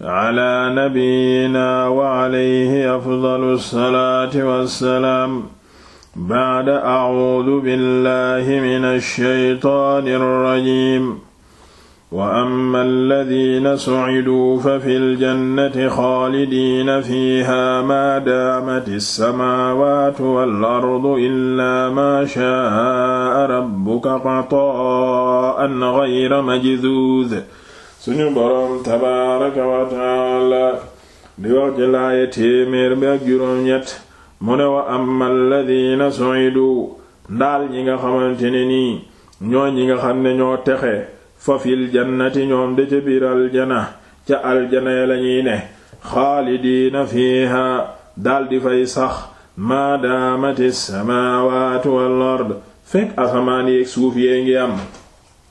ala nabiyyina wa alayhi afdalu salaati wassalaam ba'da a'uudu billahi mina shaytaani rajiim wa amma alladhiina su'iduu fa fil jannati xaalidiina fiihaa maa daamati samaawaatu wal ardu illaa maa shaa'a rabbuka qataa'an ghayra majzuuz suñu boroom tabaaraka wa taala di wax ci laaya téeméer bi ak juróom-ñett mu ne wa amma alladina su'idu ndaal ñi nga xamante nii ñoo ñi nga xam ne ñoo texe fa fil jannati ñoom de ca biir aljana ca aljana lañuy ne xaalidiina fiiha daldi fay sax maadaamati samaawaatu wal ard fekk asamaan yeeg suuf yee ngi am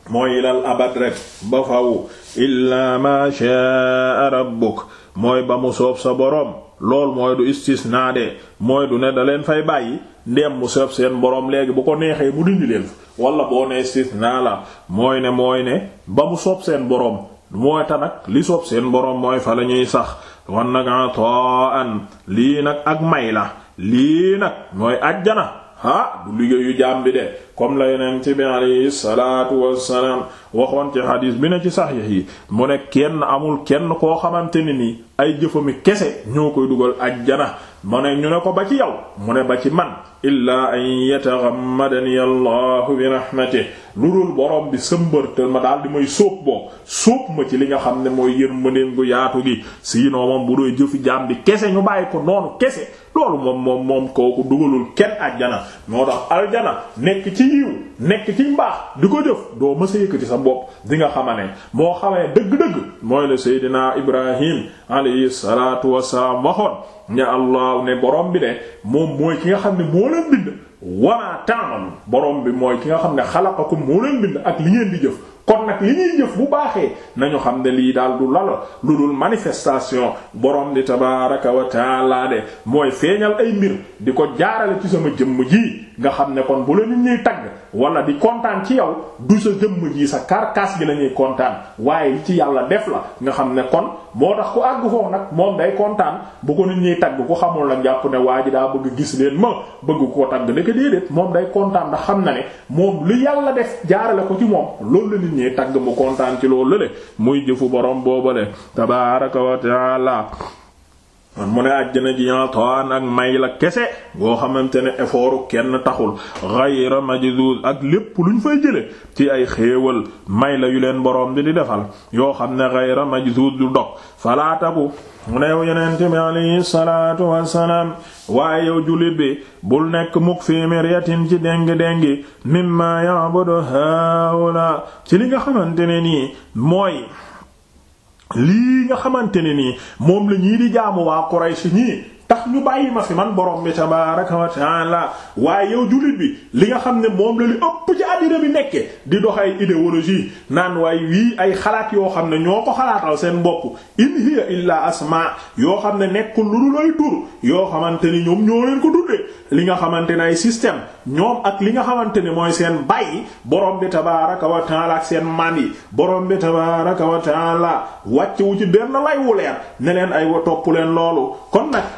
mooy ilal abad rek ba faw illaa maa shaa rabbuk mooy ba mu soob sa boroom lool mooy du istisnaa de mooy du ne da leen fay bàyyi ndem mu soob seen boroom léegi bu ko neexee mu dindi leen wala boo ne istisnaa la mooy ne mooy ne ba mu soob seen boroom mooy ta nag li soob seen boroom mooy fa la ñuy sax wan nag an lii nag ak may la lii nag mooy ajjana ah du liggéeyu jaam bi de comme la yeneen ci bi alayhi salaatu waxoon ci xadiis bi ne ci saxiix yi mu ne kenn amul kenn koo xamante ne nii ay jëfami kese ñoo koy dugal ajjana mu ne ñu ne ko ba ci yow mu ne ba ci man illaa an yataxammadani allahu bi rahmatih lu dul borom bi sëmbërtal ma daal di may sóob boo sóob ma ci li nga xam ne mooy yërmandeem gu yaatu gi siinoo moom bu doy jëfi jaam bi kese ñu bàyyi ko noonu kese loolu moom moom moom kooku dugalul kenn ajjana moo tax aljana nekk ci yiw nekk ci mbaax di ko jëf doo mësa bopp di nga xama ne moo xamee dëgg-dëgg mooy la seydinaa ibrahim alayhi salaatu wassalaam waxoon ne allah ne borom bi de moom mooy ki nga xam ne moo leen bind wamaa taamalu borom bi mooy ki nga xam ne xalaqakum moo leen bind ak li ngeen jëf kon nag li ñuy jëf bu baaxee nañu xam ne lii daal du lala lu dul manifestation borom di tabaaraka wa taala de mooy feeñal ay mbir di ko jaarale ci sama jëmm ji nga xam ne kon bu la nit ñuy tagg wala di kontaan ci yow du sa jëmm ji sa karkaas gi la ñuy kontaan waaye li ci yàlla def la nga xam ne kon moo tax ku àgg foofu nag moom day kontaan bu ko nit ñuy tagg ku xamul la jàpp ne waa ji daa bëgg gis leen ma bëgg koo tagg ndeke déedéet moom day kontaan ndax xam na ne moom yàlla def jaarale ko ci moom ñee tagg mu kontaan ci loolu le muy jëfu borom boobale tabaaraka wa taala kon mu ne àjjana ji ataan ak may la kese boo xamante ne effort kenn taxul ghayra majdud ak lépp luñ fay jële ci ay xéewal may la yu leen boroom bi di defal yoo xam ne ghayra majdud du dog falaataku mu ne yonent bi alayhi salaatu wassalaam waaye yow jullit bi bul nekk mukk fii miryatin ci déng-déngi mimma ya'budu haula ci li nga xamante ne nii mooy lii nga xamante ne nii moom la ñii di jaamu waa Quraysh ñii ñu bàyyi ma fi man borom bi tabaaraka wa taala waaye yow jullit bi li nga xam ne moom la li ëpp ci addina bi nekkee di dox ay idéologie naan waay wii ay xalaat yoo xam ne ñoo ko xalaatal seen bopp in hiya illa asma yoo xam ne nekkul lu dul ay tur yoo xamante ni ñoom ñoo leen ko tuddee li nga xamante ne ay système ñoom ak li nga xamante ne mooy seen bàyyi borom bi tabaaraka wa taala ak seen maam yi borom bi tabaaraka wa taala wàcce wu ci benn lay wu leer ne ay wa leen loolu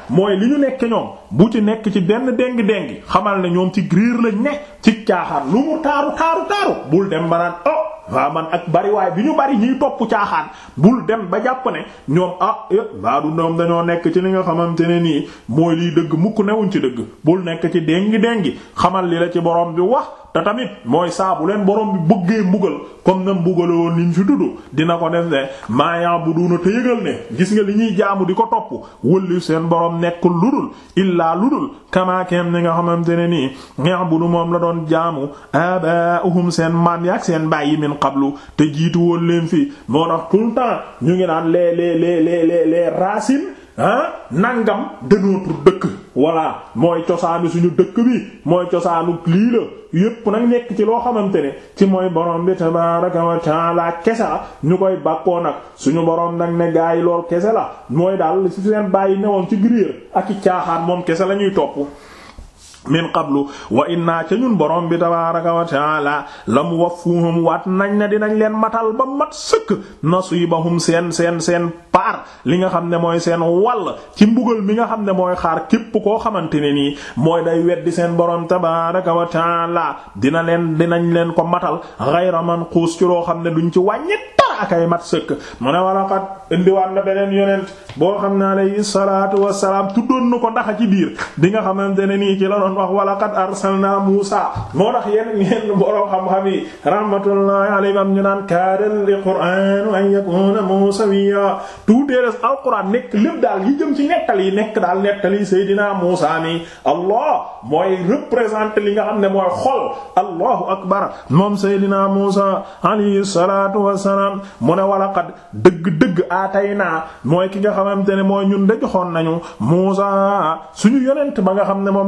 mooy li ñu nekk ñoom bu ci nekk ci benn déng déngi xamal ne ñoom ci griir lañ ne ci caaxaan lu mu taaru taaru taaru bul dem ba naan oh waa man ak bariwaay bi ñu bari ñiy topp caaxaan bul dem ba jàpp ne ñoom ah baa eh, du ñoom dañoo nekk ci li nga xamante ne nii mooy liy dëgg mukk newuñ ci dëgg bul nekk ci déngi déngi xamal li la ci borom bi wax te tamit mooy saabu leen borom bi bëggee mbugal comme na mbugale woon liñ fi dudd dina ko def ne maayaa bu duuna te yëgal ne gis nga li ñuy jaamu di ko topp wëlli seen borom nekkul ludul illaa ludul kamaakeem ni nga xamante ne nii ñeex bu du moom la doon jaamu abaahum seen maam yaak seen bàyyi min xablu te jiitu woon leen fi moo tax tout le ñu ngi naan le les les les les racines ah nangam de notre dëkk voilà mooy cosaanu suñu dëkk bi mooy cosaanu lii la yépp nag nekk ci loo xamante ne ci mooy borom bi tabaaraka wa taala kese la ñu koy bàkkoo nag suñu borom nag ne gaa lool kese la mooy daal su seen bàyyi newoon ci grier ak i caaxaan moom kese la ñuy topp min qablu wa inna ca ñun borom bi tabaaraka wa taala la mu waffuhum waat nañ na dinañ leen matal ba mat sëkk nasiibahum seen seen seen paar li nga xam ne mooy seen wàll ci mbugal mi nga xam ne mooy xaar képp koo xamante ne nii mooy day weddi seen borom tabaaraka wa taala dina leen dinañ leen ko matal ghayra manquus ci loo xam ne duñ ci wàññi dara akay mat sëkk mu ne wala xat indiwaat na beneen yonent boo xam ne alayhi salaatu wa salaam tuddoon doon wax wala qad arsalna Muusa moo tax yenn yenn borom xam-xam yi rahmatullahi alayhim ñu naan kaadal li qur'aan an yakuna muusawiyya tuuti des alquran nekk lépp daal yi jëm ci nekkal yi nekk daal nekkal yi Seydina Muusa Allah mooy représenter li nga xam ne mooy xol Allahu akbar moom Seydina Muusa alayhi salaatu wassalaam mu ne wala qad dëgg-dëgg aatay naa mooy ki nga xamante ne mooy ñun de joxoon nañu Muusa suñu yonent ba nga xam ne moom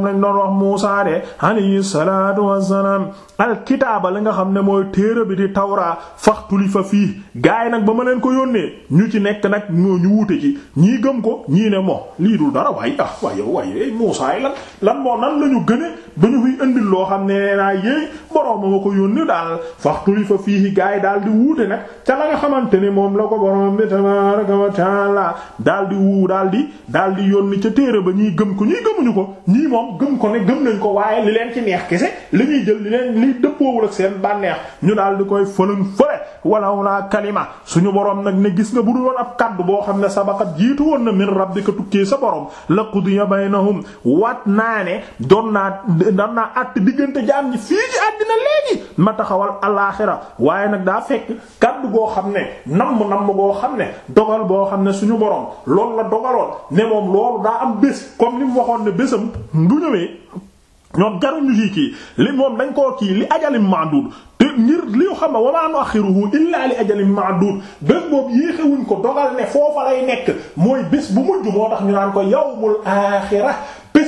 borom Muusaa de alayhi salaatu wassalaam alkitaaba la nga xam ne mooy téere bi di tawraa faxtuli fa fii gaay nag ba ma leen ko yónnee ñu ci nekk nag ñoo ñu wuute ci ñii gëm ko ñii ne moo lii dul dara waaye ah waaye waaye Muusaa yi lan lan moo nan lañu gëne ba ñu fiy indil loo xam ne naa yéey boroomam a ko yónni daal faxtuli fa fiihi gaa yi daal di wuute nag ca la nga xamante ni moom la ko boroom bi tabaaraka wa taala daal di wuu daal di daal di yónni ca téere ba ñiy gëm ko ñiy gëmuñu ko ñii moom gëm ko ne gëm nañ ko waaye li leen ci neex kese li ñuy jël li leen li dëppoowul ak seen bànneex ñu daal di koy fëlën fële walaw laa kalima suñu boroom nag ne gis nga bu dul woon ab kàddu boo xam ne sabaqat jiitu woon na rab bi ko tukkee sa borom la qudiya baynahum waat naa ne doon naa doon naa àtt diggante jaam ñi fii ci àddina léegi ma taxawal alaaxira waaye nag daa fekk kaddu goo xam ne nam nam goo xam ne dogal boo xam ne suñu borom loolu la dogaloon ne moom loolu daa am bés comme ni waxoon ne bésam du ñëwee ñoom jaruñu lii kii li moom dañ koo kii li ajalim maadud ngir ngir li xam ne wa maa nu'axxiruhu illaa li ajalin ma'duud bés boobu yéexewuñ ko dogal ne foofa lay nekk mooy bés bu mujj moo tax ñu naan ko yawmul aaxira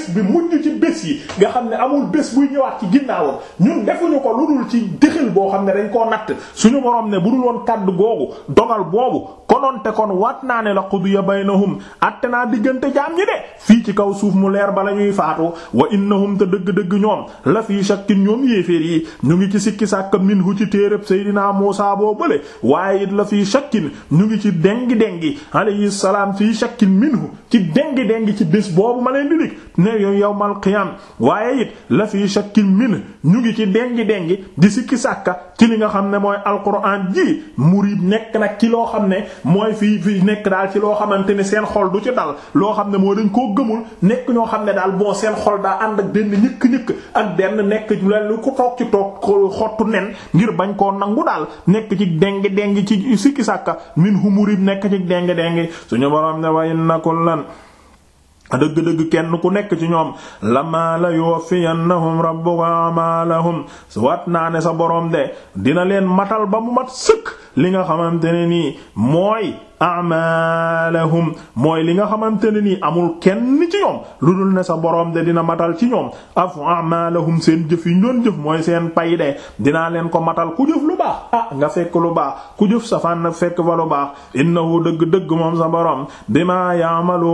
bés bi mujj ci bés yi nga xam ne amul bés buy ñëwaat ci ginnaawam ñun defuñu ko lu dul ci dëxil boo xam ne dañ koo natt suñu borom ne bu dul woon kàddu googu dogal boobu konoonte kon waat naa ne la ya qudiya baynahum atte naa diggante jaam ñi de fii ci kaw suuf mu leer bala ñuy faatu wa innahum te dëgg-dëgg ñoom la fii shakkin ñoom yéeféer yi ñu ngi ci sikki sàkka min hu ci téeréb Seydina Muusaa boo bële waaye it la fii shakkin ñu ngi ci dengi dengi alayhi salaam fii shakkin minhu ci dengi dengi ci bés boobu ma ne yooyu yawmal qiyam waaye it la fii shakkin min ñu ngi ci dengi dengi di sikki sàkka ci li nga xam ne mooy alquran ji murid nekk nag ci loo xam ne mooy fii fii nekk daal ci loo xamante ne seen xol du ci dal loo xam ne moo dañ koo gëmul nekk ñoo xam ne daal boo seen xol daa ànd ak benn ñëkk-ñëkk ak benn nekk lu ko toog ci toog xottu nen ngir bañ koo nangu daal nekk ci dengi dengi ci sikki sàkka min hu murid nekk ci dengi dengi suñu borom ne wa inna dëgg-dëgg kenn ku nekk ci ñoom lama la yuwaffiyannahum rabbuka amalahum waat naa ne sa boroom de dina leen matal ba mu mat sëkk li nga xamante ne nii mooy a'malahum mooy li nga xamante ne nii amul kenn ci ñoom lu dul ne sa borom de dina matal ci ñoom af a'malahum seen jëf yi ñu doon jëf mooy seen pay de dinaa leen ko matal ku jëf lu baax ah nga fekk lu baax ku jëf safaan nag fekk fa lu baax innahu dëgg dëgg moom sa borom bima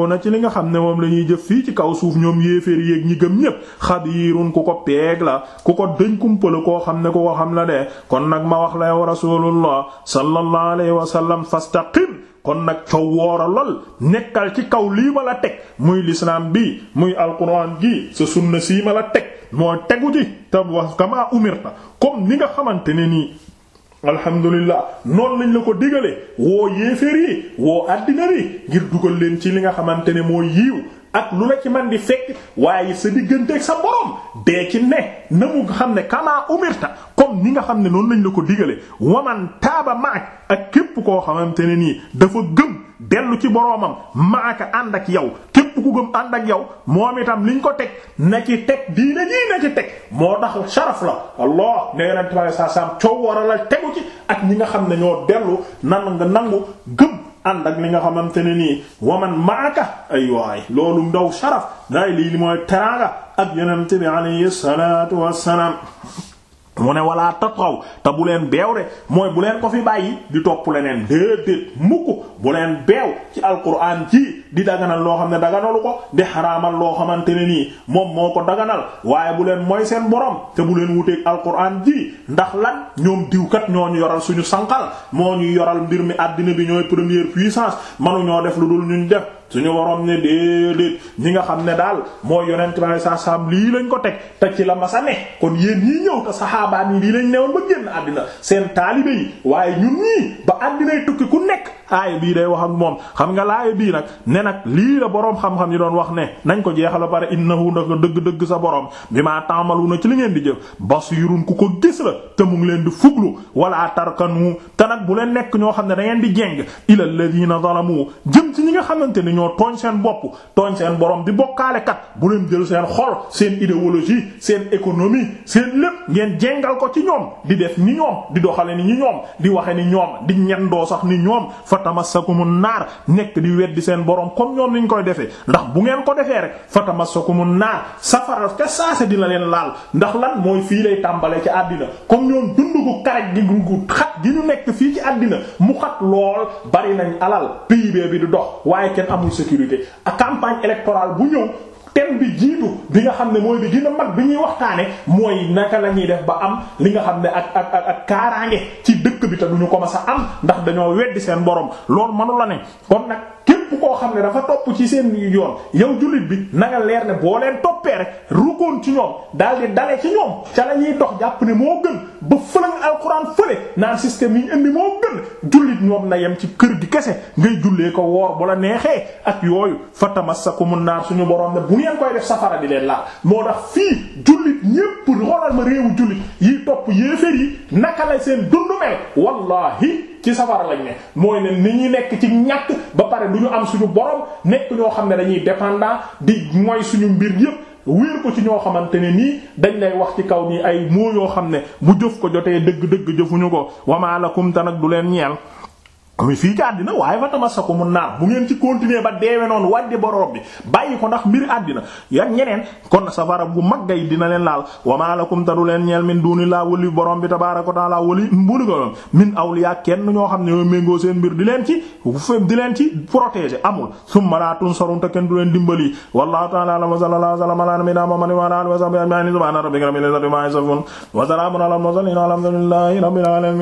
na ci li nga xam ne moom la ñuy jëf fii ci kaw suuf ñoom yéeféer yéeg ñi gëm ñépp xabiirun ku ko peeg la ku ko dëñ kumpala koo xam ne ku ko xam la de kon nag ma wax la yow rasulullah sallallahu alayhi wa sallam fastaqim kon nag fa woora lool nekkal ci kaw lii ma la teg muy lislaam bi muy alquran gi sa sunna sii ma la teg moo tegu ci te wax kama umirta comme ni nga xamante ne nii alhamdulillah noonu lañ la ko digalee woo yéeféer yi woo àddina bi ngir dugal leen ci li nga xamante ne moo yiiw ak lu la ci man di fekk waaye sa digganteeg sa borom dee ci ne na mu xam ne kamaa umirta comme ni nga xam ne noonu lañ la ko digale waman taaba maak ak képp koo xamante ne nii dafa gëm dellu ci boroomam maaka ànd ak yow képp ku gëm ànd ak yow moom itam liñ ko teg na ci teg diina ñii na ci teg moo tax sharaf la allah ne yonent bi sallallahu alayhi wasallam coow waral la tegu ci ak ñi nga xam ne ñoo dellu nan nga nangu gëm ànd ak li nga xamante ne nii waman maaka ay waay loolu ndaw sharaf daay lii li mooy teraanga ak yonent bi alayhi salaatu wassalaam mu ne walaa tatxaw te bu leen beew rek mooy bu leen ko fi bàyyi di topp leneen déedéet mukk bu leen beew ci alquran ci di daganal loo xam ne daganalu ko di xaraamal loo xamante ne nii moom moo ko daganal waaye bu leen mooy seen borom te bu leen wuteeg alquran ji ndax lan ñoom diwkat ñoo ñu yoral suñu sànqal moo ñu yoral mbir mi àddina bi ñooy première puissance manu ñoo def lu dul ñuñ def su ñu waroon ne déedéet ñi nga xam ne daal mooy yonent bi alayhi salaam lii lañ ko teg te ci la masa ne kon yéen ñii ñëw te saxaabaan yi lii lañ newoon ba génn àddina seen taalibe yi waaye ñun ñii ba àddinay tukki ku nekk aaya bii day wax ak moom xam nga laaya bii nag ne nag lii la boroom xam-xam yi doon wax ne nañ ko jeexal bare innahu naka dëgg-dëgg sa boroom bi maa taamalu na ci li ngeen di jëf basirun ku ko gis la te mu ngi leen di fuglu wala tarkanu te nag bu leen nekk ñoo xam ne da ngeen di jeng ila alladhina zalamu jëm ci ñi nga xamante ni ñoo tooñ seen bopp tooñ seen boroom di bokkaale kat bu leen jël seen xol seen idéologie seen économie seen lépp ngeen jengal ko ci ñoom di def ni ñoom di doxale ni ñi fatamassakumu naar nekk di weddi seen borom comme ñoom niñ koy defee ndax bu ngeen ko defee rek fatamassakumu naar safara ca saase dina leen laal ndax lan mooy fii lay tàmbale ci àddina comme ñoom dund ku karaj gi gu xat gi ñu nekk fii ci àddina mu xat lool bari nañ alal PIB bi du dox waaye kenn amul sécurité ak campagne bu ñëw thème bi jiitu bi nga xam ne mooy bi dina mag bi ñuy waxtaane mooy naka la ñuy def ba am li nga xam ne ak ak ak kaaraange ci dëkk bi te ñu ko masa am ndax dañoo weddi seen borom loolu mënu ne kon nag képp koo xam ne dafa topp ci seen yoon yow jullit bi na leer ne boo leen toppee rek rukoon ci ñoom daal di dale ci ñoom ca la ñuy dox jàpp ne moo gën ba fëlan alxuraan fële naan système yi ñu indi moo gën jullit ñoom na yem ci kër gi kese ngay jullee ko woor bu la neexee ak yooyu fa tamassakumun naar suñu borom ne bu ngeen koy def safara di leen laal moo tax fii jullit ñépp xoolal ma réewu jullit yi topp yéeféer yi naka la seen dundu mel wallahi ci safara lañ ne mooy ne ni ñuy nekk ci ñàkk ba pare du ñu am suñu borom nekk ñoo xam ne dañuy dépendant di mooy suñu mbir yépp wéer ko ci ñoo xamante ne nii dañ lay wax ci kaw nii ay moo yoo xam ne bu jëf ko jotee dëgg-dëgg jëfuñu ko wamaala lakum nag du leen ñeel comme fii ci àddina waaye fa tamasaku mu naar bu ngeen ci continuer ba deewe noonu wàjde borom bi bàyyi ko ndax mbir àddina yak ñeneen kon safara bu maggay dina leen laal wama lakum tadu leen ñeel min dunillah wali borom bi tabaaraka wa taala wali mbunugaloon min awliya kenn ñoo xam ne ñoo méngoo seen mbir di leen ci fem di leen ci protéger amul summa la tunsarun te kenn du leen dimbali wallahu ta'ala a'lam wa sallallahu alayhi wa sallam ala nabiyyina muhammadin wa ala alihi wa sahbihi ajma'in subhana